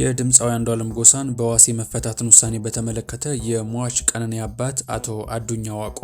የድምፃዊ አንዷለም ጎሳን በዋስ መፈታትን ውሳኔ በተመለከተ የሟች ቀነኔ አባት አቶ አዱኛ ዋቆ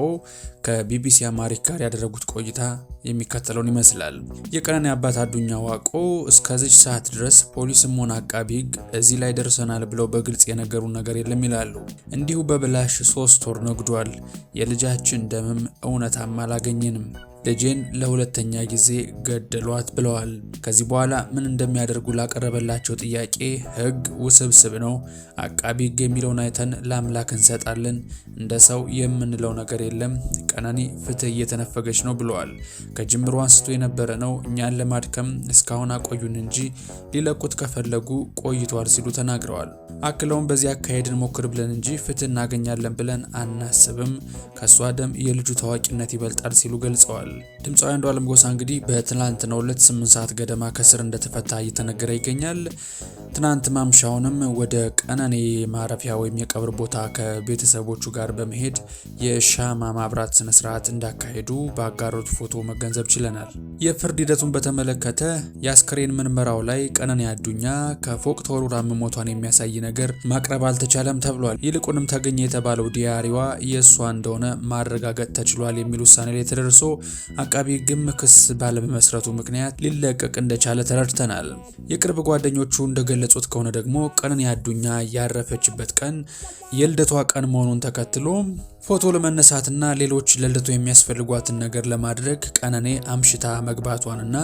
ከቢቢሲ አማሪክ ጋር ያደረጉት ቆይታ የሚከተለውን ይመስላል። የቀነኔ አባት አዱኛ ዋቆ እስከዚች ሰዓት ድረስ ፖሊስም ሆነ አቃቢ ሕግ እዚህ ላይ ደርሰናል ብለው በግልጽ የነገሩን ነገር የለም ይላሉ። እንዲሁ በብላሽ ሶስት ወር ነግዷል። የልጃችን ደምም እውነታም አላገኘንም ልጄን ለሁለተኛ ጊዜ ገደሏት ብለዋል። ከዚህ በኋላ ምን እንደሚያደርጉ ላቀረበላቸው ጥያቄ ህግ ውስብስብ ነው፣ አቃቢ ህግ የሚለውን አይተን ለአምላክ እንሰጣለን፣ እንደ ሰው የምንለው ነገር የለም፣ ቀነኒ ፍትህ እየተነፈገች ነው ብለዋል። ከጅምሩ አንስቶ የነበረ ነው፣ እኛን ለማድከም እስካሁን አቆዩን እንጂ ሊለቁት ከፈለጉ ቆይቷል ሲሉ ተናግረዋል። አክለውም በዚህ አካሄድ እንሞክር ብለን እንጂ ፍትህ እናገኛለን ብለን አናስብም፣ ከእሷ ደም የልጁ ታዋቂነት ይበልጣል ሲሉ ገልጸዋል። ድምፃዊ አንዷለም ጎሳ እንግዲህ በትናንትናው ዕለት ስምንት ሰዓት ገደማ ከስር እንደተፈታ እየተነገረ ይገኛል። ትናንት ማምሻውንም ወደ ቀነኔ ማረፊያ ወይም የቀብር ቦታ ከቤተሰቦቹ ጋር በመሄድ የሻማ ማብራት ስነስርዓት እንዳካሄዱ በአጋሩት ፎቶ መገንዘብ ችለናል። የፍርድ ሂደቱን በተመለከተ የአስክሬን ምርመራው ላይ ቀነኔ አዱኛ ከፎቅ ተወርውራ መሞቷን የሚያሳይ ነገር ማቅረብ አልተቻለም ተብሏል። ይልቁንም ተገኘ የተባለው ዲያሪዋ የእሷ እንደሆነ ማረጋገጥ ተችሏል የሚል ውሳኔ ላይ ተደርሶ አቃቢ ሕግም ክስ ባለመመስረቱ ምክንያት ሊለቀቅ እንደቻለ ተረድተናል። የቅርብ ጓደኞቹ እንደገለጹት ከሆነ ደግሞ ቀነኒ አዱኛ ያረፈችበት ቀን የልደቷ ቀን መሆኑን ተከትሎ ፎቶ ለመነሳትና ሌሎች ለልደቱ የሚያስፈልጓትን ነገር ለማድረግ ቀነኔ አምሽታ መግባቷንና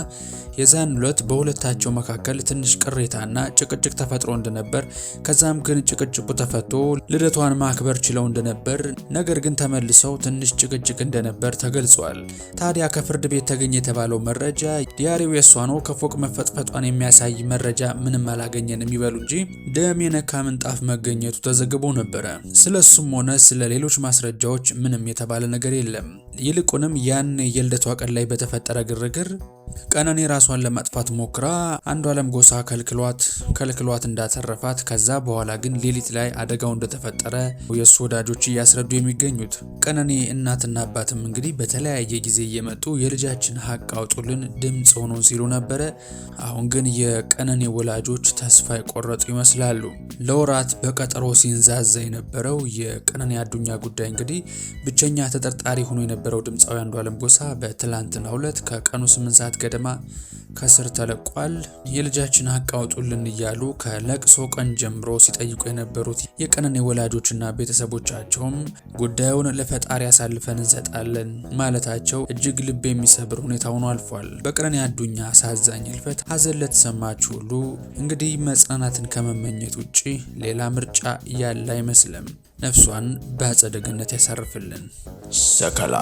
የዛን ዕለት በሁለታቸው መካከል ትንሽ ቅሬታና ጭቅጭቅ ተፈጥሮ እንደነበር ከዛም ግን ጭቅጭቁ ተፈቶ ልደቷን ማክበር ችለው እንደነበር ነገር ግን ተመልሰው ትንሽ ጭቅጭቅ እንደነበር ተገልጿል። ታዲያ ከፍርድ ቤት ተገኘ የተባለው መረጃ ዲያሪው የሷ ነው፣ ከፎቅ መፈጥፈጧን የሚያሳይ መረጃ ምንም አላገኘን የሚበሉ እንጂ ደም የነካ ምንጣፍ መገኘቱ ተዘግቦ ነበረ። እሱም ሆነ ስለ ሌሎች ማስረ ማስረጃዎች ምንም የተባለ ነገር የለም። ይልቁንም ያን የልደቷ ቀን ላይ በተፈጠረ ግርግር ቀነኔ ራሷን ለማጥፋት ሞክራ አንዷለም ጎሳ ከልክሏት ከልክሏት እንዳተረፋት ከዛ በኋላ ግን ሌሊት ላይ አደጋው እንደተፈጠረ የእሱ ወዳጆች እያስረዱ የሚገኙት ቀነኔ እናትና አባትም እንግዲህ በተለያየ ጊዜ እየመጡ የልጃችን ሀቅ አውጡልን ድምፅ ሆኖን ሲሉ ነበረ። አሁን ግን የቀነኔ ወላጆች ተስፋ የቆረጡ ይመስላሉ። ለወራት በቀጠሮ ሲንዛዛ የነበረው የቀነኒ አዱኛ ጉዳይ እንግዲህ ብቸኛ ተጠርጣሪ ሆኖ የነበረው ድምፃዊ አንዷለም ጎሳ በትላንትና ሁለት ከቀኑ 8 ሰዓት ገደማ ከስር ተለቋል። የልጃችን ሀቅ አውጡልን እያሉ ከለቅሶ ቀን ጀምሮ ሲጠይቁ የነበሩት የቀነኒ ወላጆችና ቤተሰቦቻቸውም ጉዳዩን ለፈጣሪ አሳልፈን እንሰጣለን ማለታቸው እጅግ ልብ የሚሰብር ሁኔታ ሆኖ አልፏል። በቀነኒ አዱኛ አሳዛኝ ህልፈት ሀዘን ለተሰማችሁ ሁሉ እንግዲህ ስለዚህ መጽናናትን ከመመኘት ውጪ ሌላ ምርጫ ያለ አይመስልም። ነፍሷን በአጸደ ገነት ያሳርፍልን። ሰከላ